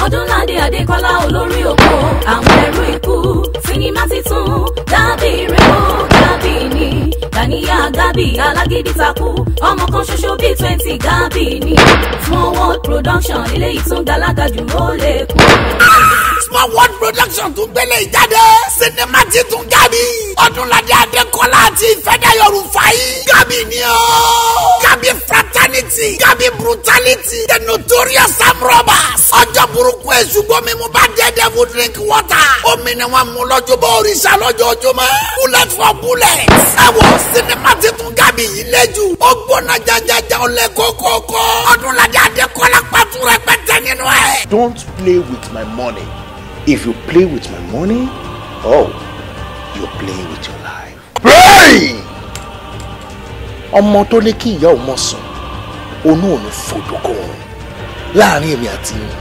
ọdúnládé adékọlá olórí òkú àwọn ẹrú ikú sinimá titun Gabi rèé o Gabi ni dàníyà Gabi alágídí takú ọmọ kan ṣoṣo bíi twenty Gabi ni small world production eléyìí tún galaga jù ó lè kú. small world production tún gbélé ìjáde sinimá titun Gabi ọdúnládé adékọlá àti ìfẹ́dàyọ̀rù fàyí Gabi ni ó the brutality the notorious amrobas. ọjọ́ burúkú ẹ̀ ṣùgbọ́n mímu bá jẹ́ devil drink water. omi ni wọ́n mú lọ́jọ́ bá òrìṣà lọ́jọ́ ọjọ́ mọ́. bullet for bullet. ẹ̀wọ̀ sinimá ti tún gàbí yìí lẹ́jù. ó gbóná jajaja ọlẹ́ kọ́kọ́kọ́. ọdúnladé adékọ́lá pàtó rẹpẹtẹ nínú ẹ̀. don't play with my money if you play with my money oh you play with your life. pray ọmọ tó ní kí ìyá ò mọ̀ sùn onú ò ní fojú kọ òun láàrin èmi àti yín